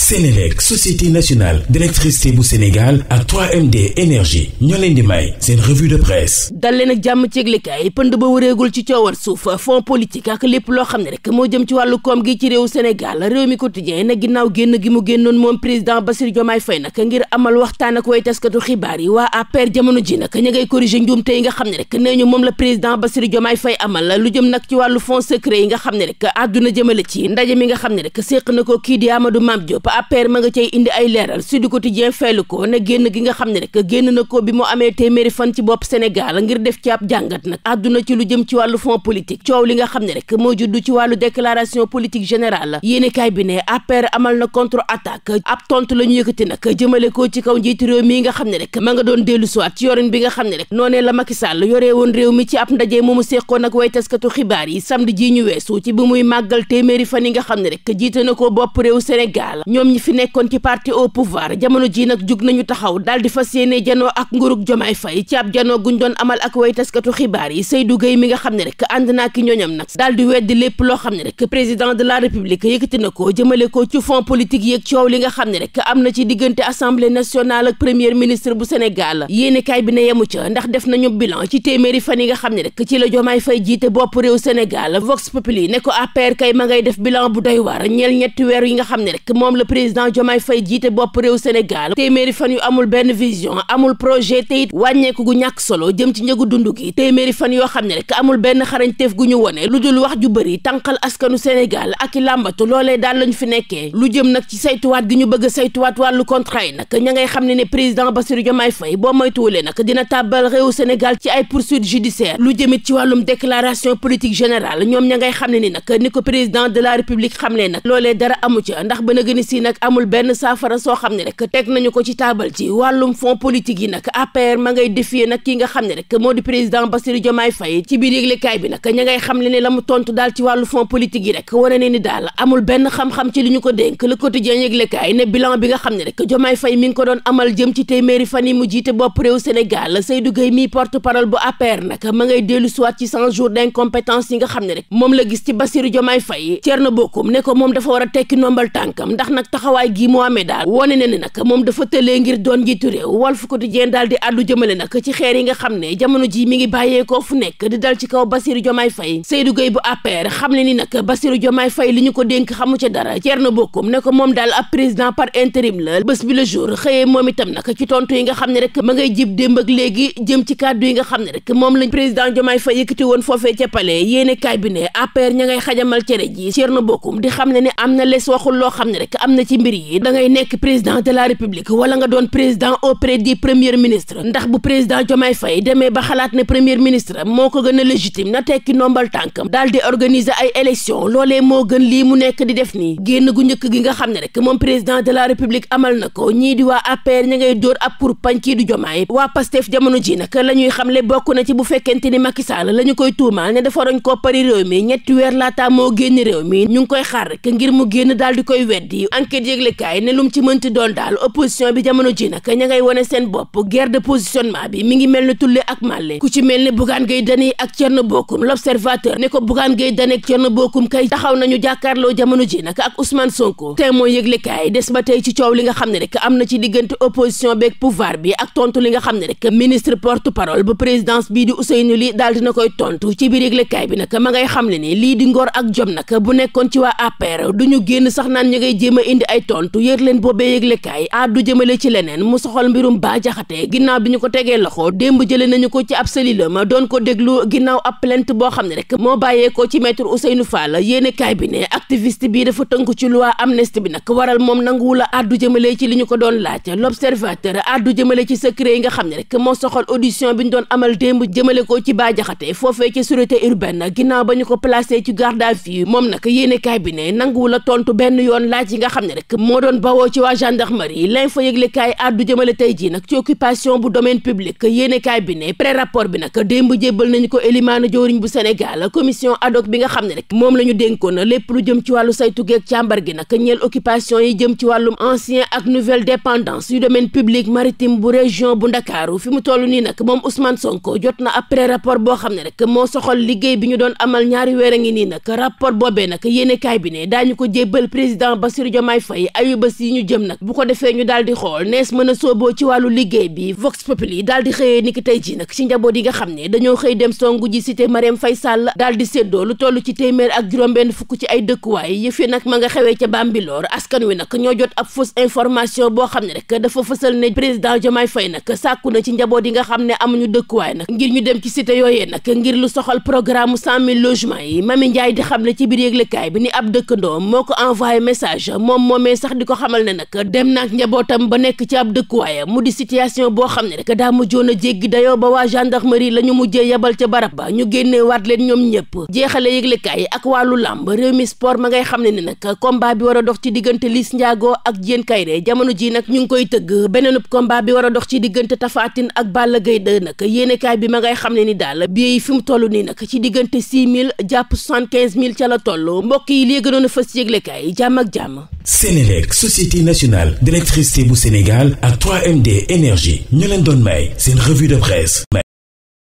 Sénélec société nationale d'électricité bu Sénégal ak 3MD énergie ñoo leen di may seen revue de presse dal leen ak jàmm ci yëglekaay pënd ba wëreegul ci coowal suuf fond politique ak lépp loo xam ne rek moo jëm ci wàllu koom gi ci réew Sénégal réew mi quotidien na ginnaaw génn gi mu génnoon moom président Bassirou Diomaye Faye nag ngir amal waxtaan ak way taskatu xibaar yi waa APR jamono ji nag ña ngay corriger njuumte yi nga xam ne rek nee ñu moom la président Bassirou Diomaye Faye amal lu jëm nag ci wàllu fonds secret yi nga xam ne rek àdduna jëmale ci ndaje mi nga xam ne rek séq na ko kii di Amadou Mame Diop APR ma nga cay indi ay leeral Sud Quotidien feelu ko ne génn gi nga xam ne rek génn na ko bi mu amee téeméeri fan ci bopp Sénégal ngir def ci ab jàngat nag àdduna ci lu jëm ci wàllu fond politique coow li nga xam ne rek moo juddu ci wàllu déclaration politique générale yéenekaay bi ne APR amal na contre attaque ab tontu la ñu yëkkati nag jëmale ko ci kaw njiitu réew mi nga xam ne rek ma nga doon dellu siwaat ci yorin bi nga xam ne rek noonee la Macky Sall yoree woon réew mi ci ab ndaje moomu seqoon ak way taskatu xibaar yi samedi ji ñu weesu ci bi muy màggal téeméeri fan yi nga xam ne rek jiite na ko bopp réew Sénégal ñoom ñi fi nekkoon ci parti au pouvoir jamono ji nag jóg nañu taxaw daal di fas yéene janoo ak ngurug jomaay fay ci ab janoo guñ doon amal ak way taskatu xibaar yi Seydou Gueye mi nga xam ne rek ànd naa ki ñooñam nag daal di weddi lépp loo xam ne rek président de la république yëkkati na ko jëmale ko ci fonds politique yeeg li nga xam ne rek am na ci diggante assemblée nationale ak premier ministre bu Sénégal yéene kaay bi ne yemu ca ndax def nañu bilan ci téeméeri fan yi nga xam ne rek ci la jomaay fay jiite bopp réew Sénégal Vox Populi ne ko APR kay ma ngay def bilan bu doy waar ñeel ñetti weer yi nga xam ne rek la président Diomaye Faye jiite bopp réew Sénégal téeméeri fan yu amul benn vision amul projet te wàññeeku gu ñàkk solo jëm ci njëgu dund gi fan yoo xam ne rek amul benn xarañteef gu ñu wone lu dul wax ju bëri tànqal askanu Sénégal ak i làmbatu loolee daal lañu fi nekkee lu jëm nag ci saytuwaat gi ñu bëgg saytuwaat wàllu contrat yi nag ña ngay xam ne ne président Bassirou Diomaye Faye boo moytuwulee nag dina tàbbal réew Sénégal ci ay poursuite lu jëmit ci wàllum déclaration politique générale ñoom ña ngay xam ne ni nag ni ko président de la république xam ne nag loolee dara amu ca ndax ba na si nag amul benn saafara soo xam ne rek teg nañu ko ci taabal ji wàllum fond politique yi nag APR ma ngay défier nag ki nga xam ne rek moo di président Bassirou Diomaye Faye ci biir bi nag ña ngay xam le ne la mu tontu daal ci wàllu fond yi rek wane ne ni daal amul benn xam ci li ñu ko dénk le quotidien yëglekaay ne bilan bi nga xam ne rek Diomaye Faye mi ngi ko doon amal jëm ci téeméeri fan yi mu jiite bopp Sénégal Seydou Gueye mi porte bu APR nag ma ngay dellu soit ci 100 jours d'incompétence yi nga xam ne rek moom la gis ci Bassirou fay cer na Bocoum ne ko moom dafa war a tekki nombal tànkam ndax nag taxawaay gi mu amee daal wone ne ne nag moom dafa tëlee ngir doon njiitu réew Walf Quotidien daal di àddu jëmale nag ci xeer yi nga ko moom daal ab président par intérim la bés bi le jour xëyee moom itam nag ci tontu yi nga xam ne rek ma ngay jib démb yi nga xam ne rek moom lañ président Diomaye Faye yëkkati woon foofee ca palais yéene kaay bi xajamal cere ji Thierno Bocoum di xam ne ne am na les waxul xam ne rek am na ci mbir yi da ngay nekk président de la république wala nga doon président auprès du premier ministre ndax bu président Diomaye Faye demee ba xalaat ne premier ministre moo ko gën a légitime na tekki ndombal tànkam daal di organiser ay élection loolee moo gën lii mu nekk di def nii génn gu gi nga xam ne rek moom président de la république amal na ko ñii di waa APR ña ngay dóor ab pour pañ kii du Diomaye waa Pastef jamono ji na la ñuy xam le bokk na ci bu fekkente ni Macky Sall la koy tuumaal ne dafa roñ ko pari réew mi moo génn réew mi ñu ngi koy xaar rek ngir mu génn daal di koy weddi enquête yëglekaay ne lu mu ci mënti ak màlle ku ci kay taxaw nañu jàkkaarloo jamono ji nag ak Ousmane Sonko te yëglekaay des ba tey ci coow li nga xam ne rek am na ci diggante opposition beeg pouvoir bi ak tontu li nga xam ne rek ministre porte parole bu présidence bii di Ousseynou Ly daal dina koy tontu ci biir yëglekaay bi nag ma ngay xam ne ni lii di ngor ak jom nag bu nekkoon ci waa APR duñu génn sax naan ñu ngay jéem a indi ay tontu yër leen boobee yëglekaay addu jëmale ci leneen mu soxal mbirum Bah ginnaaw bi ñu ko tegee loxo démb jële nañu ko ci ab ma doon ko déglu ginnaaw ab plainte boo xam ne rek moo bàyyee ko ci maître Ousseynou Fall yéenekaay bi ne activiste bii dafa tënku ci loi amnistie bi nag waral moom nanguwula addu jëmale ci li ñu ko doon laaj l'observateur addu jëmale ci secret yi nga xam ne rek moo soxal audition bi ñu doon amal démb jëmale ko ci Bah Diakhaté foofee ci sûreté ba ñu ko placé ci garde à moom nag yéenekaay bi ne nanguwula tontu benn yoon laaj yi nga xam ne rek moo doon bawoo ci waa gendarmerie lañ fa yëgle kaay àddu jëmale tey jii nag ci occupation bu domaine public bi ne pré rapport bi nag démb jébbal nañu bu Sénégal commission ad hoc bi nga xam ne rek moom la ñu dénkoon lépp lu jëm ci wàllu saytu geeg càmbar gi nag ñeel occupation yi jëm ci wàllum ancien ak nouvelle dépendance yu domaine public maritime bu région bu Ndakaaru fi mu toll nii nag moom Ousmane Sonko jot na après rapport boo xam ne rek moo soxal liggéey bi ñu doon amal ñaari weer a ngi nii nag rapport boobee nag yéene kaay bi ne daañu ko jébbal président Bassirou Diomaye Diomaye Faye ayu bés yi ñu jëm nag bu ko defee ñu daal di xool nees mën a sooboo ci wàllu liggéey bi Vox Populi yi daal di xëyee ni ki tey ji nag ci njaboot yi nga xam ne dañoo xëy dem songu ji cité Marième Faye Sall daal di séddoo lu toll ci téeméer ak juróom-benn fukk ci ay dëkkuwaay yëf yi nag ma nga xewee ca Bambilor askan wi nag ñoo jot ab fausse information boo xam ne rek dafa fësal ne président Diomaye Faye nag sàkku na ci njaboot yi nga xam ne amuñu dëkkuwaay nag ngir ñu dem ci cité yooyee nag ngir lu soxal programme cent mille logements yi Mami Ndiaye di xam ne ci biir yëglekaay bi ni ab dëkkandoom moo ko envoyé message moom moomee sax di ko xamal ne nag dem naak njabootam ba nekk ci ab dëkkuwaaya mu di situation boo xam ne rek daa joon a jéggi dayoo ba waa gendarmerie la ñu mujjee yebal ca barab ba ñu génnee waat leen ñoom ñëpp jeexale yëglekaay yi ak wàllu làmb réew mi sport ma ngay xam ne ne nag combat bi war a dox ci diggante Liss Ndiago ak Diène Kayré jamono ji nag ñu ngi koy tëgg beneenub combat bi war a dox ci diggante Tapha Tine ak Balla Gaye 2 nag yéenekaay bi ma ngay xam ne ni daal bi fi mu toll nii nag ci diggante 6 000 jàpp 75 000 ca la toll mbokk yi léegi noonu fas yëglekaay jàmm ak jàmm Sénélec société nationale d'électricité bu Sénégal ak 3MD énergie ñu leen doon may seen revue de presse.